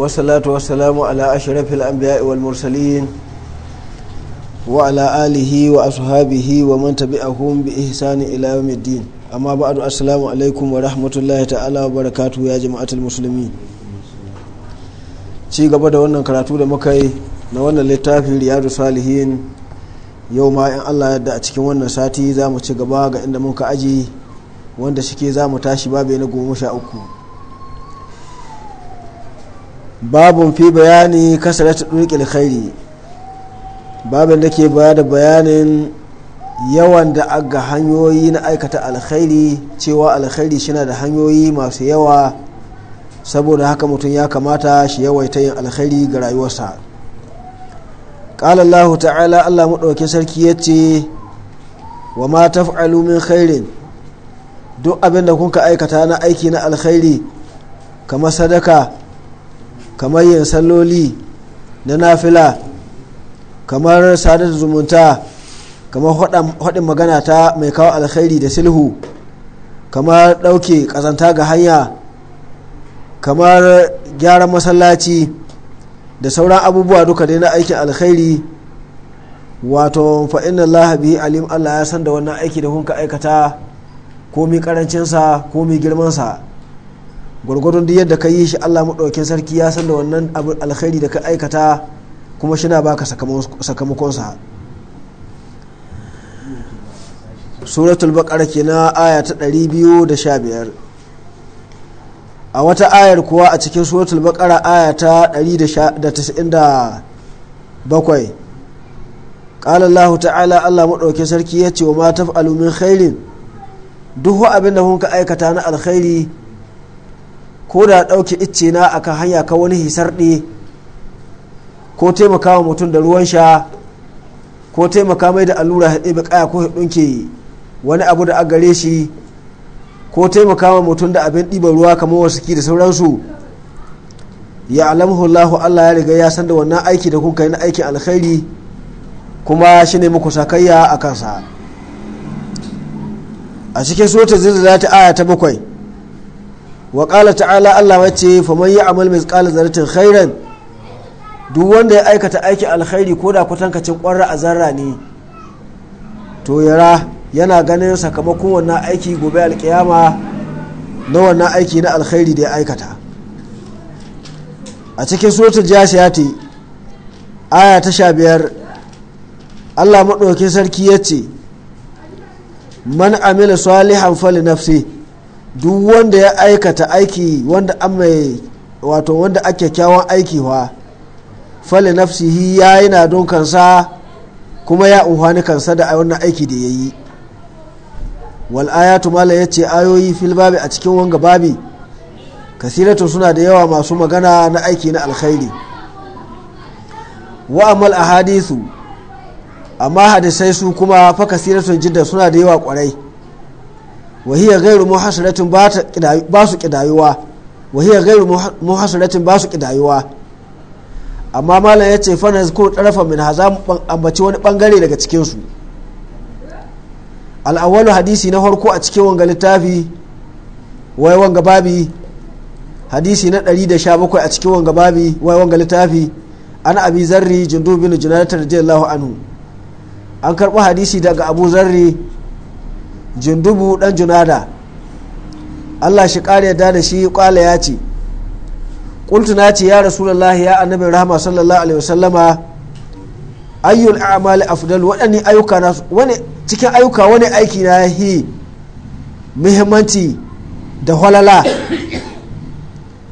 wasalatu wasalamu ala ashirafil an biya iwal mursalin wa ala alihi wa ashabihi wa man tabi ahun bi ihsani ila yawmiddin amma ba'du assalamu alaikum wa rahmatullahi ta'ala wa ya jama'atul musulmi ci gaba da wannan karatu da muka yi na wannan littafin riyadu salihin yau ma in Allah yadda a cikin wannan sati za mu ci gaba ga inda muka aji wanda ke za mu tashi babu na goma sha uku babun fi bayani ta durkil khairi babin da ke baya da bayanin yawan da aga hanyoyi na aikata alkhairi cewa alkhairi shina da hanyoyi masu yawa saboda haka mutum ya kamata shi yawaita yin alkhairi ga rayuwarsa ƙalallahu ta'ala allah maɗauki sarki ya ce wa ma taf'alu min khairin duk abin da kun aikata na aiki na alkhairi kamar sadaka kamar yin salloli na nafila kamar sadar zumunta kamar haɗin magana ta mai kawo alkhairi da silhu kamar ɗauke ƙazanta ga hanya kamar gyaran masallaci da sauran abubuwa duka dai na aikin alkhairi wato fa'in Allah bihi alim Allah ya san da wannan aiki da kuka aikata komi karancinsa komi girmansa gwargwadon duk yadda ka yi shi allah maɗaukin sarki ya san da wannan abin alkhairi da ka aikata kuma shi na baka sakamakonsa suratul baqara na aya ta 215 a wata ayar kuwa a cikin suratul baqara aya ta 197 qala allah ta'ala allah maɗaukin sarki ya ce wa ma taf'alu min khairin duk abin da kun ka aikata na alkhairi ko da ɗauke icce na akan hanya ka wani hisarɗe ko taimaka wa mutum da ruwan sha ko taimaka mai da allura haɗe ba ƙaya ko ke wani abu da gare shi ko taimaka wa mutum da abin ɗiban ruwa kamar wasu ki da sauransu ya alamu Allah ya riga ya san da wannan aiki da kuka yi na aikin alkhairi kuma shi ne muku sakayya a kansa a cikin sota zilzala ta aya ta bakwai wa ƙala ta'ala Allah fa faman yi amal mai ƙala zartin khairan duk wanda ya aikata aiki alkhairi ko da kwatankacin ƙwarra a zarra ne to yara yana ganin sakamakon wannan aiki gobe alƙiyama na wannan aiki na alkhairi da ya aikata a cikin suratul jasiyati aya ta sha biyar Allah maɗaukin sarki ya ce man amila salihan fali nafsi duk wanda ya aikata aiki wanda an mai wato wanda ake kyawun aiki wa fali nafsihi ya yi na don kansa kuma ya unhani kansa da wannan aiki da ya yi wal ayatu mala ya ce ayoyi fil babi a cikin wanga babi kasiratu suna da yawa masu magana na aiki na alkhairi wa amal ahadisu amma hadisai su kuma fa kasiratun jidda suna da yawa kwarai wahiyar gairu muhasiratin ba su kidayuwa wahiyar gairu muhasiratin ba su kidayuwa amma malam ya ce fana ko tarafa min haza ambaci wani bangare daga cikinsu al'awwalu hadisi na harko a cikin wanga littafi wai wanga babi hadisi na 117 a cikin wanga babi wai wanga littafi an abi zarri jundu bin junatar radiyallahu anhu an karɓi hadisi daga abu zarri jundubu dan junada Allah shi kare yarda da shi kwala ya ce kultuna na ce ya rasulullahi ya annabi rahama sallallahu alaihi wasallama ayyul a'mal afdal waɗanne ayyuka na wani cikin ayyuka wani aiki na hi muhimmanci da halala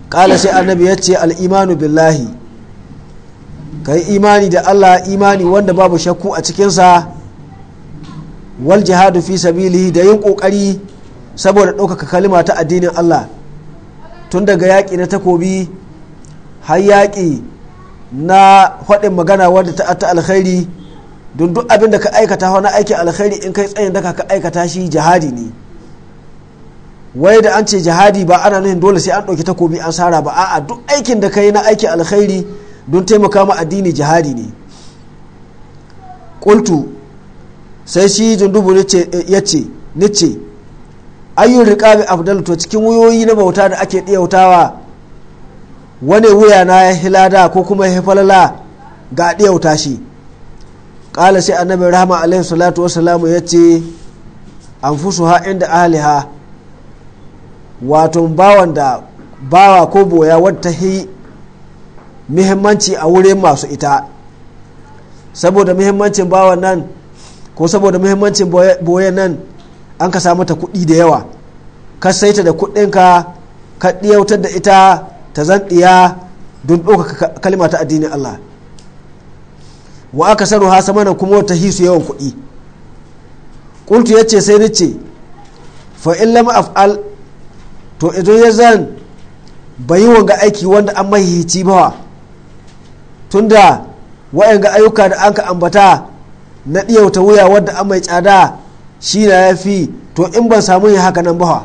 kala sai annabi ya ce al'imanu billahi kai imani da allah imani wanda babu shakku a cikinsa wal jihadu fi sabilihi da yin kokari saboda ɗaukaka kalima ta addinin Allah tun daga yaki na takobi har yaƙi na faɗin magana wanda ta ta alkhairi don duk abin da ka aikata wani aikin alkhairi in kai tsayin daka ka aikata shi jihadi ne wai da an ce jihadi ba ana nuhin dole sai an ɗauki takobi an sara ba a'a duk aikin da ka yi na aikin alkhairi don taimaka ma addini jihadi ne qultu sai shi dundubu eh, ya ce ce ayyun riƙabi afdal to cikin wuyoyi na bauta da ake ɗiyautawa wani wuya na ya hilada ko kuma ya falala ga ɗiyauta shi ƙala sai annabi rahama alaihi salatu wasalamu ya ce an ha inda ahliha wato bawan da bawa ko boya wadda hi muhimmanci a wurin masu ita saboda muhimmancin bawan nan ko saboda muhimmancin boye nan an ka samu ta kuɗi da yawa ka saita da kuɗinka ka ɗiyautar da ita ta zan ɗiya don ɗaukaka kalma ta addinin Allah wa aka sanu ha nan kuma ta hisu yawan kuɗi ƙuntu ya ce sai nace fa in lam af'al to idan ya zan bai yi wanga aiki wanda an mahihici bawa tunda wayanga ayyuka da an ka ambata na ɗiyauta wuya wadda an mai tsada shi na ya fi to in ban samu yin haka nan ba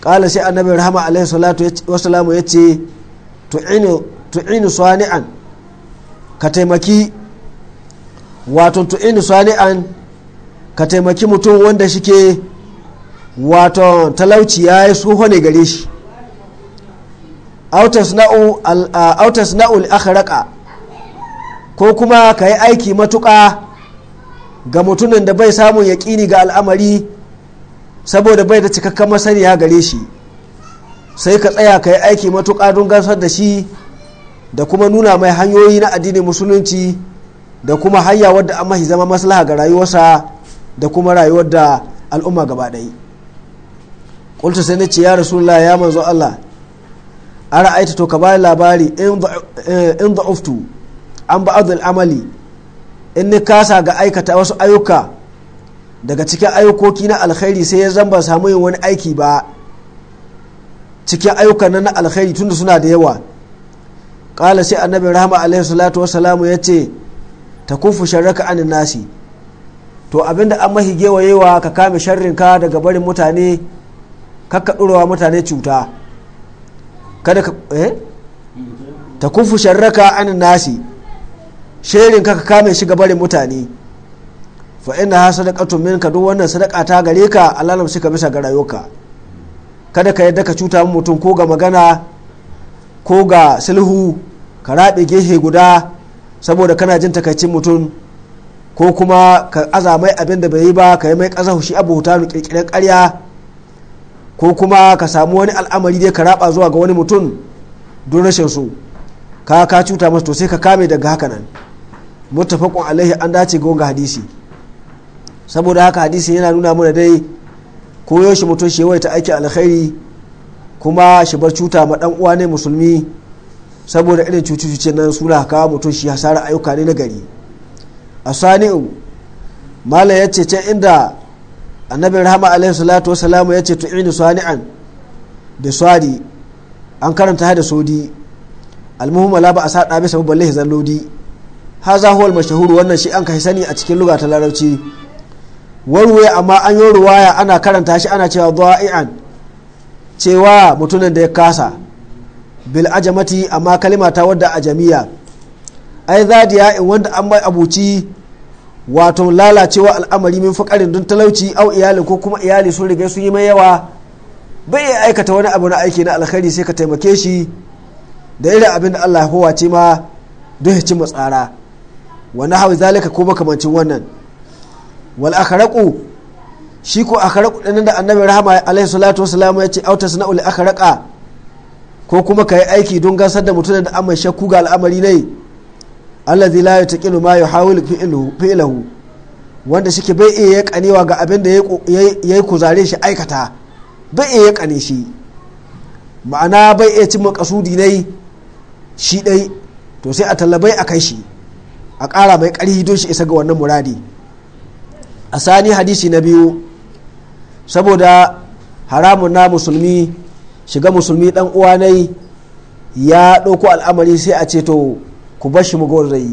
kala sai annabi rahama alaihi salatu wasalamu ya ce tu'inu swani'an ka taimaki wato swani'an ka taimaki mutum wanda shike wato talauci ya yi tsoho ne gare shi autas na'ul akharaka ko kuma ka yi aiki matuƙa ga mutumin da bai samun yaƙini ga al'amari saboda bai da cikakken masaniya gare shi sai ka tsaya ka yi aiki matuƙa don gasar da shi da kuma nuna mai hanyoyi na addinin musulunci da kuma hanya wadda an mahi zama maslaha ga rayuwarsa da kuma rayuwar da al'umma gaba ɗaya sai na ce ya rasu rasulullah ya manzo allah a ra'aita to ka bayi labari in da'uftu eh, an ba'adul amali in ni kasa ga aikata wasu ayyuka daga cikin ayyukoki na alkhairi sai ya zamba ban samu yin wani aiki ba cikin ayyukan na na alkhairi tunda suna da yawa kala sai annabi rahama alaihi salatu wasalamu ya ce ta kufu sharraka anin nasi to abinda an mahi gewayewa ka kame sharrinka daga barin mutane kakka ɗurawa mutane cuta kada ka eh ta kufu sharraka anin nasi shirin ka kame shi barin mutane fa ina ha sadaqatun minka duk wannan sadaka ta gare ka Allah shi ka bisa ga rayuka kada ka yadda ka cuta mutum ko ga magana ko ga sulhu ka rabe gehe guda saboda kana jin takaicin mutum ko kuma ka aza mai abin da bai yi ba ka yi mai ƙasa shi abu ta kirkirar karya ko kuma ka samu wani al'amari dai ka raba zuwa ga wani mutum don rashin su ka ka cuta masa to sai ka kame daga haka nan muttafaqun alaihi an dace ga wanga hadisi saboda haka hadisi yana nuna mana dai koyo shi mutum shi yawaita aiki alkhairi kuma shi bar cuta ma dan uwa ne musulmi saboda irin cuce-cuce nan suna kawo mutum shi hasara ayyuka ne na gari a sani'u malam ya ce can inda annabi rahama alaihi salatu wasalamu ya ce tu'inu sani'an da swadi an karanta da sodi almuhimma la ba a sa ɗabe sabu balle zallodi haza huwal mashahuru wannan shi an kai sani a cikin luga ta larabci warwe amma an yi ruwaya ana karanta shi ana cewa dha'i'an cewa mutumin da ya kasa bil ajamati amma kalima ta wadda ajamiya ai zadiya in wanda an mai abuci wato lalacewa al'amari min fakarin don talauci au iyali ko kuma iyali sun riga sun yi mai yawa bai iya aikata wani abu na aiki na alkhairi sai ka taimake shi da irin abin da Allah ya kowace ma don ya ci matsara wa nahwi zalika ko makamancin wannan wal akharaqu shi ko akharaqu dan da annabi rahama alaihi salatu wassalam ya ce auta sana'ul akharaqa ko kuma kai aiki don gasar da mutum da amma shakku ga al'amari ne allazi la yataqilu ma yuhawil fi'luhu wanda shike bai iya kanewa ga abin da yayi kuzare shi aikata bai iya kane shi ma'ana bai iya cimma kasudi ne shi dai to sai a tallabai a kai shi a ƙara mai ƙarfi don shi isa ga wannan muradi a sani hadisi na biyu saboda haramun na musulmi shiga musulmi dan uwa nai ya ɗauko al'amari sai a ce to ku bar shi mugun rai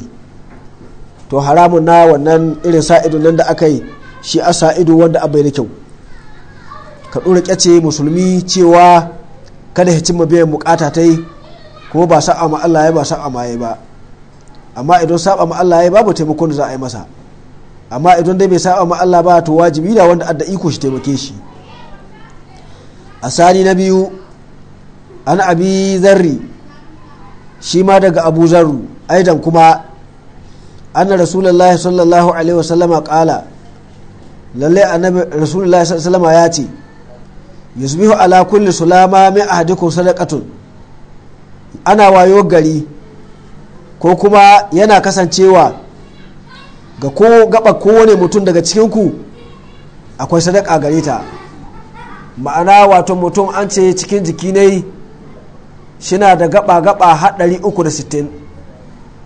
to haramun na wannan irin sa'idu nan da aka yi shi a sa'idu wanda abai da kyau ka ɗora ƙyace musulmi cewa kada ya cimma biyan bukata ta kuma ba sa'a ma Allah ya ba sa'a ma ya ba amma idan saba ma Allah yayi babu taimakon da za a yi masa amma idan dai bai saba ma Allah ba to wajibi da wanda adda iko shi taimake shi asani na biyu an abi zarri shi ma daga abu zarru aidan kuma anna rasulullahi sallallahu alaihi wasallam kala lalle annabi rasulullahi sallallahu alaihi ya ce yusbihu ala kulli sulama min ahadikum sadaqatun ana wayo gari ko kuma yana kasancewa ga ko gaba kowane mutum daga cikinku akwai sadaka gare ta ma'ana wato mutum an ce cikin jiki ne shina da gaba-gaba haɗari uku da sittin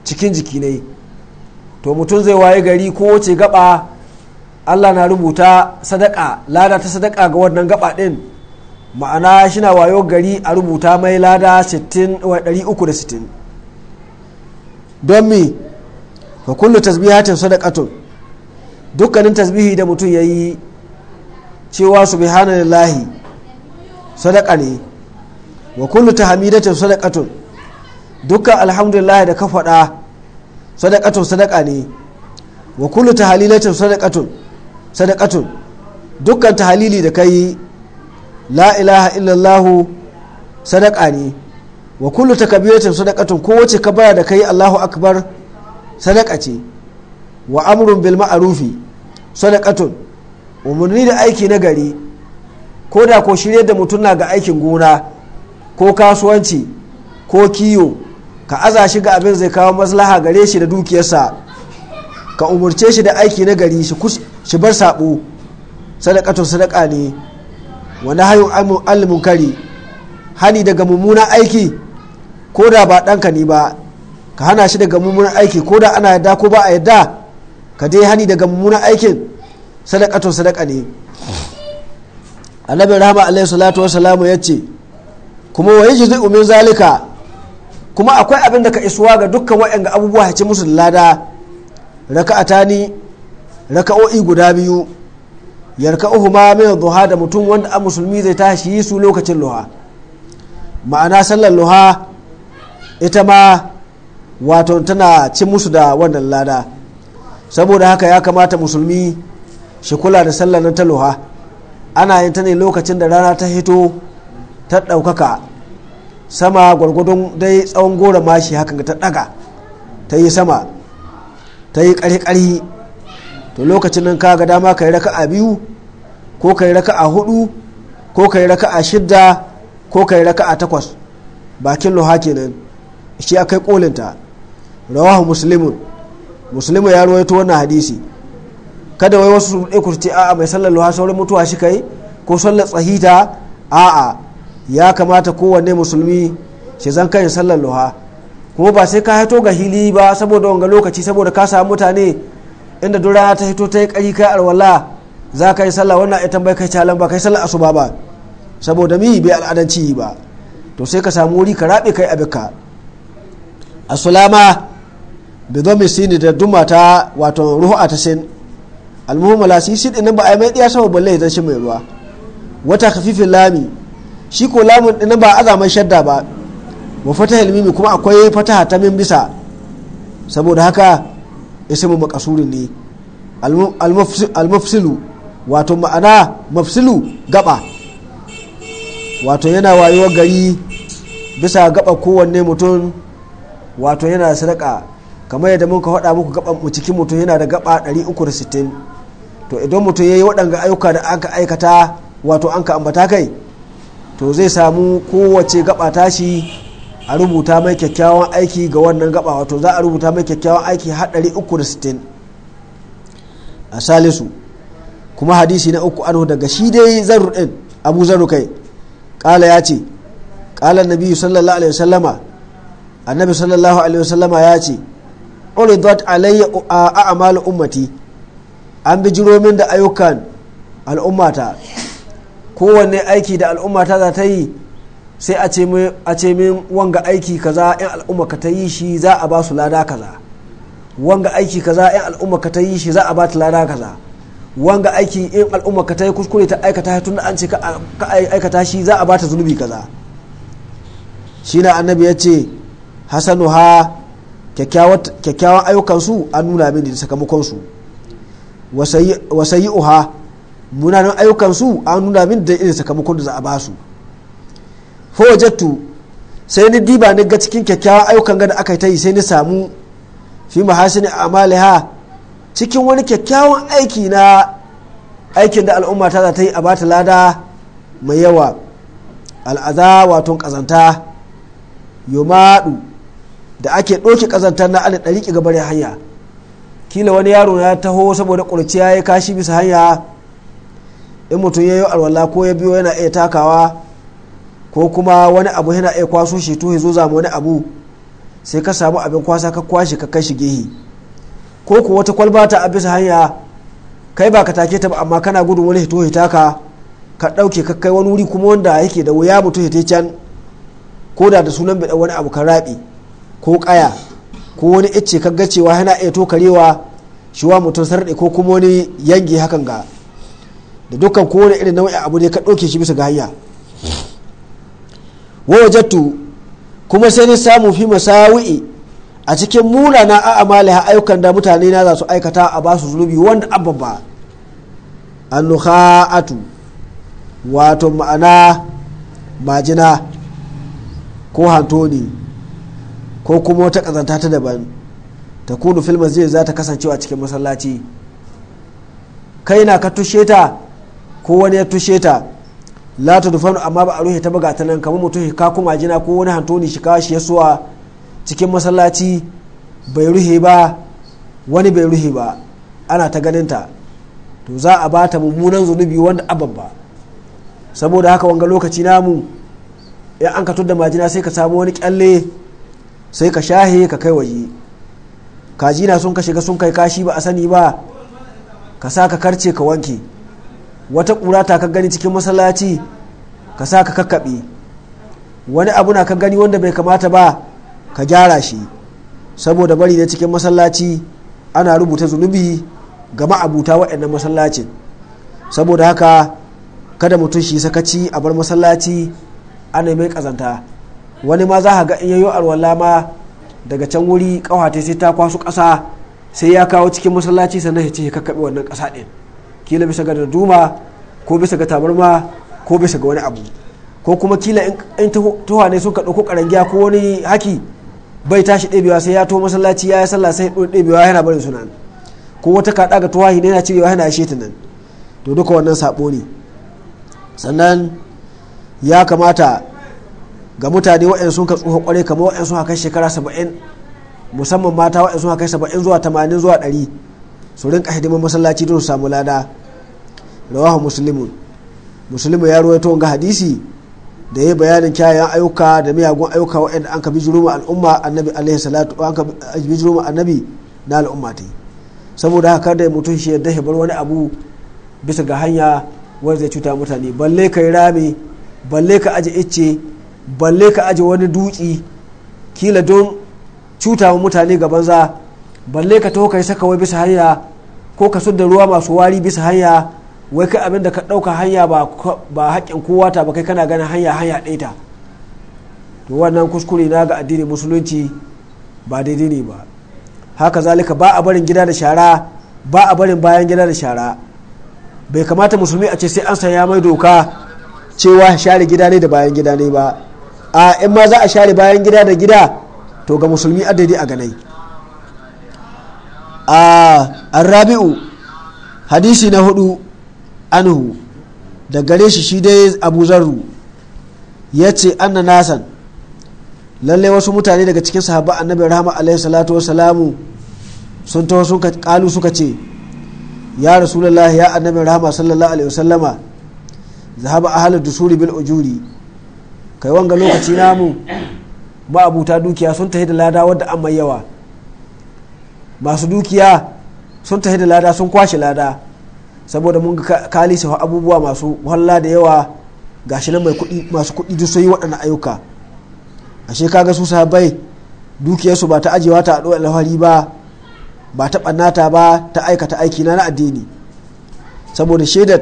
cikin jiki ne to mutum zai waye gari ko wace gaba allah na rubuta sadaka lada ta sadaka ga wannan gaba ɗin ma'ana shina wayo gari a rubuta mai lada 360 don mi fa kullu tasbihatin sadaqatun dukkanin tasbihi da mutum yayi cewa subhanallahi sadaqa ne wa kullu tahmidatin sadaqatun dukkan alhamdulillah da ka faɗa sadaqatun sadaqa ne wa kullu tahlilatin sadaqatun sadaqatun dukkan tahlili da kai la ilaha illallah sadaqa ne wa kullu takbiratin sadaqatun kowace kabara da kai Allahu akbar sadaqa ce wa amrun bil ma'rufi sadaqatun umurni da aiki na gari ko da ko shirye da mutum na ga aikin gona ko kasuwanci ko kiyo ka aza shi ga abin zai kawo maslaha gare shi da dukiyarsa ka umurce shi da aiki na gari shi bar sabo sadakatun sadaka ne wani nahyu alimun kari hani daga mummunan aiki ko da ba ɗanka ne ba ka hana shi daga mummunan aiki ko da ana yadda ko ba a yadda ka dai hani daga mummunan aikin to sadaka ne annabi rahama alaihi salatu wasalamu ya ce kuma wa yaji min zalika kuma akwai abin da ka isuwa ga dukkan waɗanda abubuwa ya ce musu da lada raka'atani raka'o'i guda biyu uhu ma min duha da mutum wanda a musulmi zai tashi su lokacin luha ma'ana sallar luha ita ma wato tana ci musu da wannan lada saboda haka ya kamata musulmi shi kula da sallar na ta loha ana yin ta ne lokacin da rana ta hito ta ɗaukaka sama gwargwadon dai tsawon gora mashi hakan ta ɗaga ta yi sama ta yi ƙari-ƙari to lokacin nan kaga dama ka yi raka a biyu ko ka yi raka a hudu ko ka yi raka a shidda ko ka yi raka a takwas bakin loha kenan shi akai kolinta rawahu muslimun muslimu ya ruwaito wannan hadisi kada wai wasu sun ku ce a'a mai sallar luha sauran mutuwa shi kai ko sallar tsahita a'a ya kamata kowanne musulmi shi zan kai sallar luha kuma ba sai ka haito ga hili ba saboda wanga lokaci saboda ka samu mutane inda duk ta hito ta yi kari kai alwala za ka yi sallah wannan ita bai kai calan ba kai sallar asuba ba saboda mi bai al'adanci ba to sai ka samu wuri ka rabe kai abinka asulama sulama bi zo sini da duma ta wato ruhu a tashin almuhimmu la si sidin ba a mai diya sama balle idan shi mai ruwa wata kafifin lami shi ko lamun din ba azaman shadda ba wa fatahil mimi kuma akwai fataha ta min bisa saboda haka ismu maqsurin ne almafsilu wato ma'ana mafsilu gaba wato yana wayuwar gari bisa gaba kowanne mutum wato yana sadaka kamar yadda muka faɗa muku gaban mu cikin mutum yana da gaba 360 to idan mutum ya yi waɗanga ayyuka da aka aikata wato an ka ambata kai to zai samu kowace gaba tashi a rubuta mai kyakkyawan aiki ga wannan gaba wato za a rubuta mai kyakkyawan aiki har 360 a salisu kuma hadisi na uku anhu daga shi dai zarru din abu zarru kai kala ya ce kala nabi sallallahu alaihi wasallama annabi sallallahu alaihi wasallama ya ce uridat alayya a a'mal ummati an bi min da ayyukan al'ummata kowanne aiki da al'ummata za ta yi sai a ce min wanga aiki kaza in al'umma ka ta yi shi za a ba su lada kaza wanga aiki kaza in al'umma ka ta yi shi za a ba ta lada kaza wanga aiki in al'umma ka ta yi kuskure ta aikata tun da an ce ka aikata shi za a ba ta zunubi kaza shi na annabi ya ce ha kyakkyawan ayyukansu an nuna mini da sakamakonsu wasayi uha munanan ayyukansu an nuna mini da irin sakamakon da za a ba su fowajattu sai ni diba ni ga cikin kyakkyawan ayyukan gada aka ta yi sai ni samu fi mahasini amaliha cikin wani kyakkyawan aiki na aikin da al'umma ta za ta yi a bata lada mai yawa al'aza wato kazanta yomadu da ake doke kazantar na ala ɗari ki gabar hanya kila wani yaro ya taho saboda ƙurciya ya kashi bisa hanya in mutum ya yi alwala ko ya biyo yana iya takawa ko kuma wani abu yana iya kwaso shi to zo zama wani abu sai ka samu abin kwasa ka kwashe ka kai gehi ko ko wata kwalba ta a bisa hanya kai ba ka take ta ba amma kana gudun wani hito hitaka ka ɗauke ka kai wani wuri kuma wanda yake da wuya mutum hite can ko da da sunan bai wani abu ka raɓe ko ƙaya ko wani icce kaga cewa yana iya tokarewa shi wa mutum sarɗe ko kuma wani yangi hakan ga da dukkan ko wani irin nau'in abu ne ka ɗauke shi bisa ga hanya wajattu kuma sai ni samu fi masawi'i a cikin munana a ha ayyukan da mutane na za su aikata a basu zunubi wanda abba ba annuha'atu wato ma'ana majina ko hantoni ko kuma wata kazanta ta daban ta kunu filma zai za ta a cikin masallaci kai na ka tushe ta ko wani ya tushe ta la ta dufanu amma ba a ruhe ta buga ta nan kamar mutum ka kuma jina ko wani hantoni shi ka shi suwa cikin masallaci bai ruhe ba wani bai ruhe ba ana ta ganin ta to za a bata mummunan zunubi wanda ababba saboda haka wanga lokaci namu ya an ka tudda majina sai ka samu wani kyalle sai ka shahe ka kai waje kaji na sun ka shiga sun kai kashi ba a sani ba ka sa ka karce ka wanke wata ƙura ta ka gani cikin masallaci ka sa ka kakkaɓe wani abu na ka gani wanda bai kamata ba ka gyara shi saboda bari na cikin masallaci ana rubuta zunubi ga ma'abuta waɗannan masallacin saboda haka kada mutum shi sakaci a bar masallaci ana mai ƙazanta wani ma za ga in yayo alwala ma daga can wuri kawata sai ta kwaso kasa sai ya kawo cikin masallaci sannan ya ce ya kakkaɓe wannan kasa ɗin kila bisa ga duma ko bisa ga tabarma ko bisa ga wani abu ko kuma kila in tuwa ne suka ɗauko ƙarangiya ko wani haki bai tashi ɗebewa sai ya to masallaci ya yi sallah sai ɗebewa yana barin sunan ko wata kaɗa ga tuwahi ne yana cirewa yana ya ta nan to duka wannan saɓo ne sannan ya kamata ga mutane waɗanda sun ka tsoho kwarai kamar waɗanda sun kai shekara saba'in musamman mata waɗanda sun kai saba'in zuwa tamanin zuwa ɗari su rinka hidimar masallaci don su samu lada rawahu muslimun muslimu ya ruwaito wanga hadisi da ya bayanin kyawawan ayyuka da miyagun ayyuka waɗanda an ka bijiro ma al'umma annabi alaihi salatu an ka bijiro annabi na al'umma ta saboda haka kada mutum shi yadda ya bar wani abu bisa ga hanya wanda zai cuta mutane balle ka yi rami balle ka aje icce balle ka aje wani dutse kila don cutawa mutane ga banza balle ka taho kai saka wai bisa hanya ko ka da ruwa masu wari bisa hanya wai kai abin da ka ɗauka hanya ba haƙƙin kowa ta ba kai kana ganin hanya hanya ɗaya ta to wannan kuskure na ga addinin musulunci ba daidai ne ba haka zalika ba a barin gida da shara ba a barin bayan gida da shara bai kamata musulmi a ce sai an saya mai doka cewa share gida ne da bayan gida ne ba a in ma za a share bayan gida da gida to ga musulmi adadi a ganai a rabi'u hadisi na hudu anhu da gare shi shi dai abu zarru ya ce anna nasan lalle wasu mutane daga cikin sahaba annabi rahama alaihi salatu wasalamu sun taho sun kalu suka ce ya rasulullahi ya annabi rahama sallallahu alaihi wasallama zahaba ahalar dusuri bil ujuri kai wanga lokaci namu ma'abuta dukiya sun tafi da lada wadda an mai yawa masu dukiya sun tafi da lada sun kwashe lada saboda mun ga kalisa abubuwa masu walla da yawa gashi nan mai kuɗi masu kuɗi duk sun yi waɗannan ayyuka ashe kaga su sahabbai dukiyarsu ba ta ajewa ta ɗo alfahari ba ba ta ɓannata ba ta aikata aiki na na addini saboda shaidar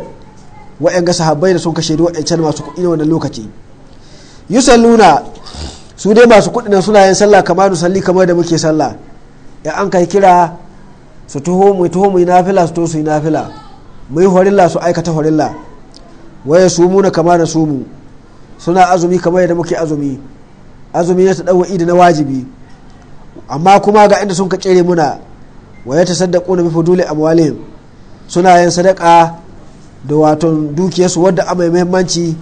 wa'yan ga sahabbai da sun kashe da wa'yancan masu kuɗi na wannan lokaci yusalluna su dai masu kuɗi na suna yin sallah kamar salli kamar da muke sallah ya an kai kira su tuho mu tuho mu nafila su to su nafila mu yi horilla su aikata horilla waye su mu na kama da su mu suna azumi kamar da muke azumi azumi na dawo idi na wajibi amma kuma ga inda sun ka tsere muna waye ta saddaku na bifudule amwalihim suna yin sadaka da waton dukiyarsu wadda amai muhimmanci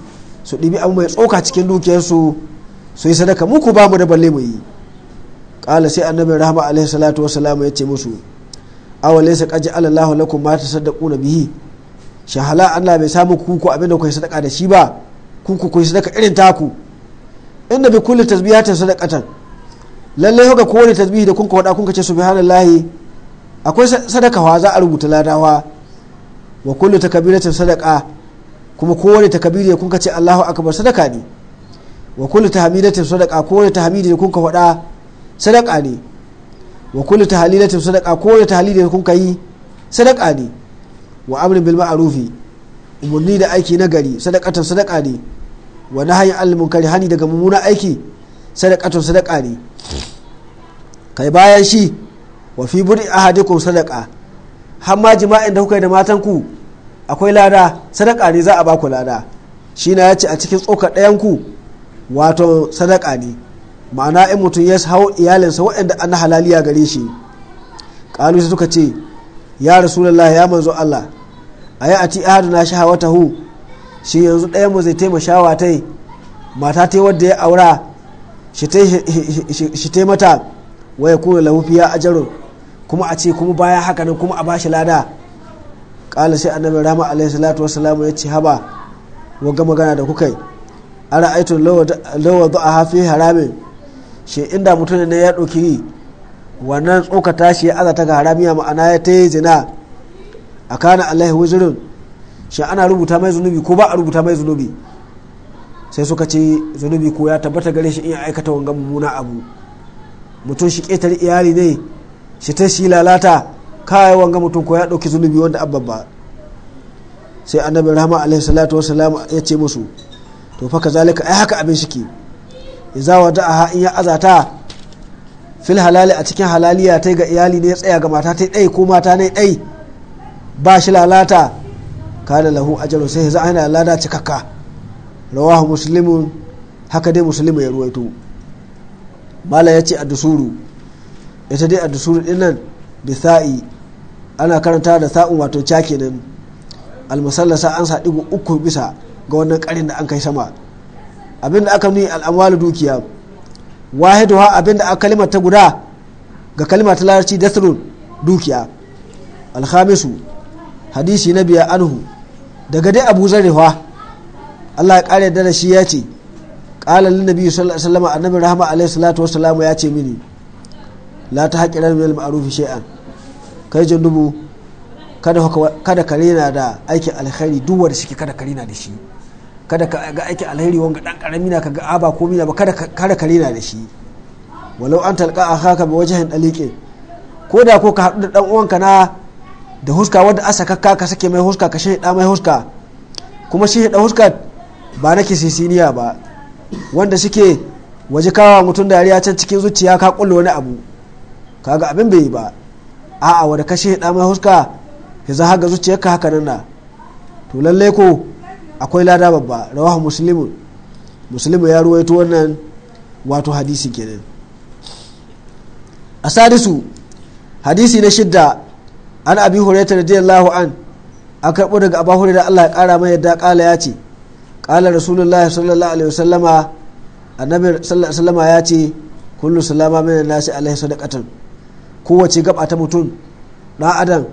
su ɗibi abu mai tsoka cikin dukiyarsu su yi sadaka muku ba mu da balle mu yi ƙala sai annabi rahama alaihi salatu wasalam ya ce musu awa laysa qad ja'ala Allahu lakum ma tasaddaquna bihi shahala Allah bai samu ku ku abin da ku sadaka da shi ba ku ku ku sadaka irin taku inda bi kulli tasbihatin sadaqatan lalle ga kowane tasbihi da kun wada kun ce subhanallahi akwai sadaka wa za a rubuta ladawa wa kullu takbiratin sadaqa kuma kowane takabiri kabiru kun ka ce Allahu akbar sadaka ne wa kullu tahmidatin sadaka kowane tahmidi da kun ka faɗa sadaka ne wa kullu tahlilatin sadaka kowane tahlili da kun ka yi sadaka ne wa amrin bil ma'rufi umurni da aiki na gari sadakatan sadaka ne wa nahyi al munkari hani daga mummunan aiki sadakatan sadaka ne kai bayan shi wa fi a ahadikum sadaka har ma jima'in da kuka yi da matan ku akwai lada sadaka ne za a baku lada shi na ya ce a cikin tsokar ɗayan ku wato sadaka ne ma'ana in mutum ya hau iyalinsa waɗanda an halaliya gare shi ƙalu suka ce ya rasulallah ya manzo Allah a yi a ci ahadu na hu shi yanzu ɗayan mu zai taima shawa ta mata ta wadda ya aura shi ta mata waya kuna lahu a ajarun kuma a ce kuma bayan haka nan kuma a ba shi lada kala sai annabi rama alaihi salatu wasalamu ya ce haba wa ga magana da kuka yi ara aitu lawa a hafi harami shi inda mutum ne ya ɗauki wannan tsoka tashi ya azata ga haramiya ma'ana ya ta yi zina a kana alaihi wuzurin shi ana rubuta mai zunubi ko ba a rubuta mai zunubi sai suka ce zunubi ko ya tabbata gare shi in aikata wanga mummuna abu mutum shi ƙetare iyali ne shi ta shi lalata kai wanga mutum ko ya dauki zunubi wanda abba ba sai annabi rahama alaihi salatu wassalam ya ce musu to fa kazalika ai haka abin shike idza a in ya azata fil halali a cikin halaliya ta ga iyali ne ya tsaya ga mata ta dai ko mata ne dai ba shi lalata kana lahu ajalu sai za ana lada cikakka rawahu muslimun haka dai muslimu ya ruwaito mala ya ce a dusuru ita dai a dusuru dinnan bisa'i ana karanta da sa'un wato ca kenan almusallasa an sa digo uku bisa ga wannan karin da an kai sama abinda aka nuni al'amwalu dukiya abin abinda aka kalimar ta guda ga kalima ta larci dasrun dukiya alhamisu hadisi na biya anhu daga dai abu zarewa allah ya kare da shi ya ce ƙalar nabi sallallahu alaihi wasallam annabi rahama alaihi salatu ya ce mini la ta haƙirar min al-ma'ruf shay'an kai dubu kada ka rena da aikin alkhairi duk wanda shi kada ka rena da shi kada ka ga aikin alkhairi wanga dan karami na ka ga aba ko mina ba kada kada ka rena da shi walau an talqa akhaka bi wajhin dalike ko da ko ka hadu da dan uwanka na da huska wanda asa kakka ka sake mai huska ka shehda mai huska kuma shi da huska ba nake sisiniya ba wanda suke waje kawa mutum da dariya can cikin zuciya ka kullo wani abu kaga abin bai yi ba a'a wanda ka sheɗa ɗan mahuska ya za ga zuciyarka haka nan na to lallai ko akwai lada babba rawahu muslimun muslimu ya ruwaito wannan wato hadisi kenan a sadisu hadisi na shidda an abi jiyar radiyallahu an an karɓo daga abu hurairah Allah ya kara mai yadda kala ya ce kala rasulullah sallallahu alaihi wasallama annabi sallallahu alaihi wasallama ya ce kullu salama min nasi alaihi sadaqatan kowace gaba ta mutum ɗan adam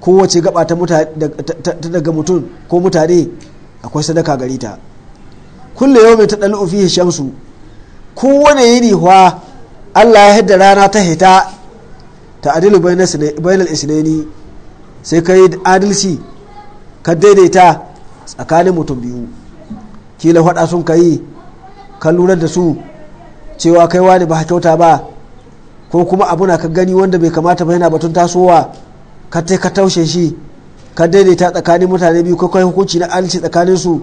kowace gaba ta daga mutum ko mutane akwai sadaka gare ta kulle yau mai ta ɗan ofi shamsu kowane yini hwa allah ya hidda rana ta hita ta adilu bainal isnaini sai ka yi adalci ka daidaita tsakanin mutum biyu kila hada sun ka yi ka lura da su cewa kaiwa ne ba kyauta ba ko kuma abu na ka gani wanda bai kamata ba yana batun tasowa ka tai ka taushe shi ka daidaita tsakanin mutane biyu kai hukunci na alci tsakanin su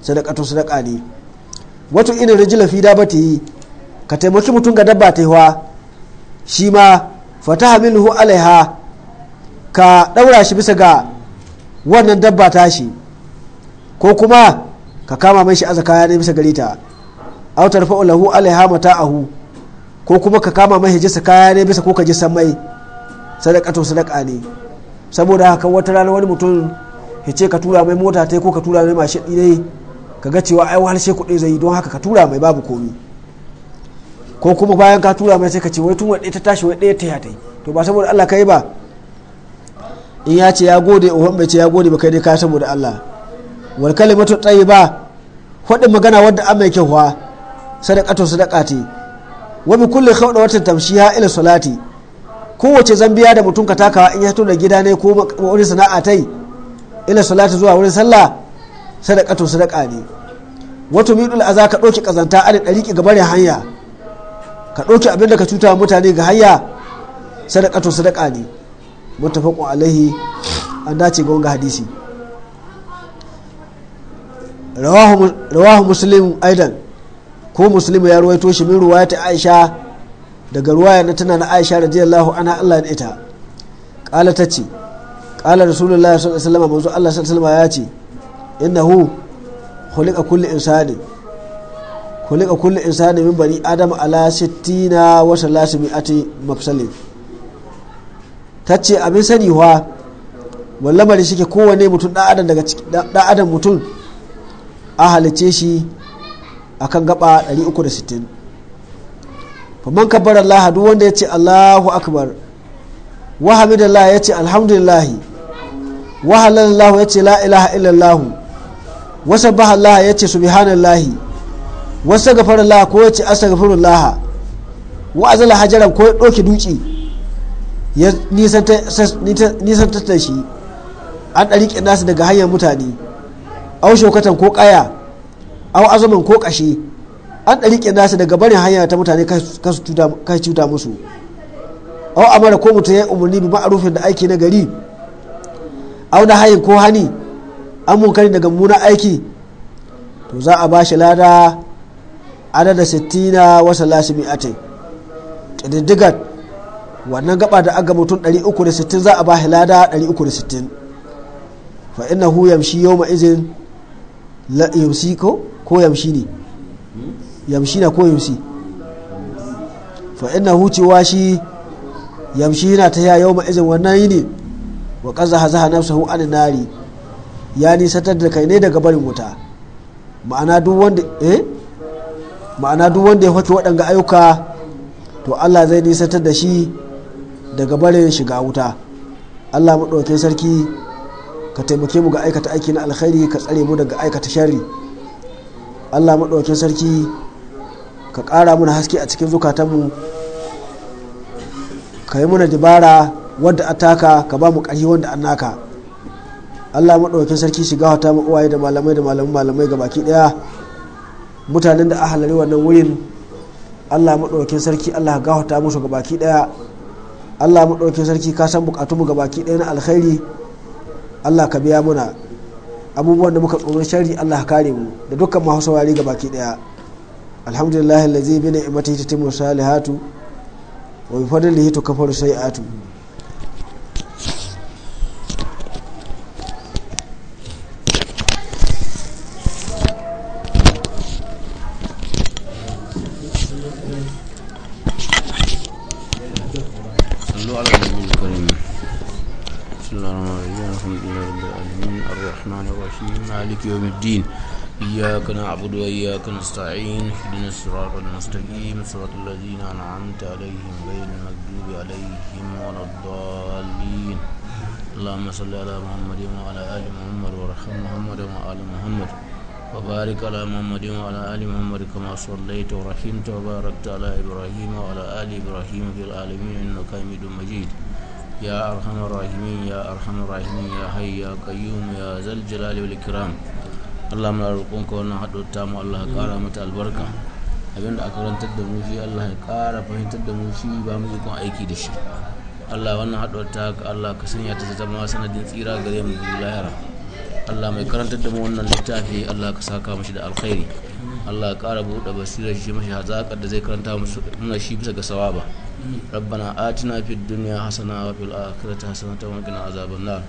sadaka to sadaka ne wato ina rijila fi da bata yi ka taimaki mutum ga dabba ta yiwa shi ma fataha minhu alaiha ka daura shi bisa ga wannan dabba ta shi ko kuma ka kama mai shi azaka ya bisa gare ta autar fa'ulahu alaiha mata'ahu ko kuma ka kama mai hijisa kaya ne bisa ko ka ji mai sadaka to sadaka ne saboda haka wata rana wani mutum ya ce ka tura mai mota ta ko ka tura mai mashin ne ka ga cewa ai wani kuɗi zai don haka ka tura mai babu komi ko kuma bayan ka tura mai sai ka ce wai tun wadda ta tashi wai ɗaya ta ya ta to ba saboda Allah kai ba in ya ce ya gode uwan bai ce ya gode ba kai dai ka saboda Allah wal kalimatu tayyiba faɗin magana wadda an mai kyau sadaqatu sadaqati wa bi kulli khawdawatin tamshiha ila salati kowace zambiya da mutum ka takawa in ya fito da gida ne ko wani sana'a tai ila salati zuwa wurin sallah sadaqatu sadaqa ne wato midul aza ka ɗauki kazanta alin ɗariƙi ga bare hanya ka ɗauki abinda ka cuta mutane ga hanya sadaqatu sadaqa ne muttafaqun alaihi an dace ga wanga hadisi rawahu muslim aidan ko muslim ya ruwaito shi min ta aisha daga ruwaya na tana na aisha radiyallahu ana Allah da ita kala ta ce kala rasulullah sallallahu alaihi wasallam manzo Allah sallallahu alaihi ya ce innahu khuliqa kulli insani khuliqa kulli insani min bani adam ala 60 wa ati mafsali. ta ce abin sani wa wallamari shi ke kowane mutum ɗan adam daga adam mutum a halice shi akan gaba 360 faman kabar Allah duk wanda ya ce Allahu akbar wa hamidallah ya ce alhamdulillah wa halallah ya ce la ilaha illallah wa sabbaha Allah ya ce subhanallah wa sagafar Allah ko ya ce astaghfirullah wa azala hajaran ko ya doke dutse. ya nisan tattashi. shi an ɗariƙe nasu daga hanyar mutane au shokatan ko ƙaya aw azumin ko kashe an ɗariƙe nasu daga barin hanya ta mutane kai cuta musu aw amara ko mutum ya yi umarni bi ma'arufin da aiki na gari aw na hayin ko hani an munkari daga muna aiki to za a ba shi lada adada sittina wasa lasimi atai ƙididdigar wannan gaba da aga mutum ɗari 360 za a ba shi lada 360 fa shi yamshi ma izin yamsi ko ko yamshi ne yamshi na ko yamsi fa ina hucewa shi yamshi yana ta ya yau ma'ajin wannan yi ne wa ƙaza na nafsahu an nari ya nisantar da kai ne daga barin wuta ma'ana duk wanda eh ma'ana duk wanda ya hoki waɗanga ayyuka to Allah zai nisantar da shi daga barin shiga wuta Allah maɗauke sarki ka taimake mu ga aikata aiki na alkhairi ka tsare mu daga aikata shari allah maɗaukin sarki ka ƙara muna haske a cikin zukatanmu ka yi muna dabara wadda a taka ka ba mu ƙarfi wanda an naka allah maɗaukin sarki shiga wata mu uwaye da malamai da malamai malamai ga baki ɗaya mutanen da a halari wannan wurin allah maɗaukin sarki allah gawata musu ga baki ɗaya allah maɗaukin sarki ka san bukatunmu ga baki ɗaya na alkhairi Allah ka biya muna abubuwan da muka tsoron shari Allah kare mu da dukkan masu saurari ga baki daya alhamdulillah allazi bi ni'matihi tatimmu salihatu wa bi kafar sai atu. الرحيم مالك يوم الدين إياك نعبد وإياك نستعين اهدنا الصراط المستقيم صراط الذين أنعمت عليهم غير المغضوب عليهم ولا الضالين اللهم صل على محمد وعلى آل محمد وارحم محمد وآل محمد وبارك على محمد وعلى آل محمد كما صليت ورحمت وباركت على إبراهيم وعلى آل إبراهيم في العالمين إنك حميد مجيد يا أرحم الراحمين يا أرحم الراحمين يا حي يا قيوم يا ذا الجلال والإكرام اللهم لا رقمك وانا حدو التام الله قال البركة أبين da تدمو في da mu shi Allah ya ƙara fahimtar da mu shi ba mu ikon aiki da shi Allah wannan haɗuwar ta Allah ka sanya ta zama sanadin tsira gare mu lahira Allah mai karantar da mu wannan littafi Allah ka saka mashi da alkhairi Allah ya ƙara buɗe basirar shi da zai karanta shi bisa ga ba. ربنا آتنا في الدنيا حسنة وفي الآخرة حسنة وقنا عذاب النار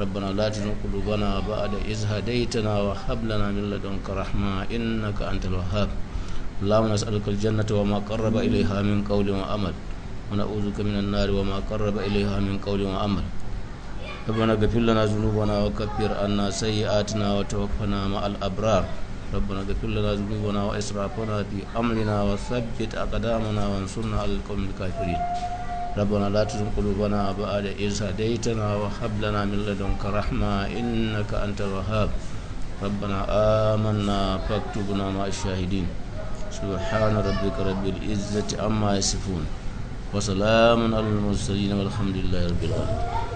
ربنا لا تزغ قلوبنا بعد إذ هديتنا وهب لنا من لدنك رحمة إنك أنت الوهاب اللهم نسألك الجنة وما قرب إليها من قول وعمل ونعوذ من النار وما قرب إليها من قول وعمل ربنا اغفر لنا ذنوبنا وكفر عنا سيئاتنا وتوفنا مع الأبرار ربنا اغفر لنا ذنوبنا واسرافنا في امرنا وثبت اقدامنا وانصرنا على القوم الكافرين ربنا لا تزغ قلوبنا بعد إذ هديتنا وهب لنا من لدنك رحمة إنك أنت الوهاب ربنا آمنا فاكتبنا مع الشاهدين سبحان ربك رب العزة عما يصفون وسلام على المرسلين والحمد لله رب العالمين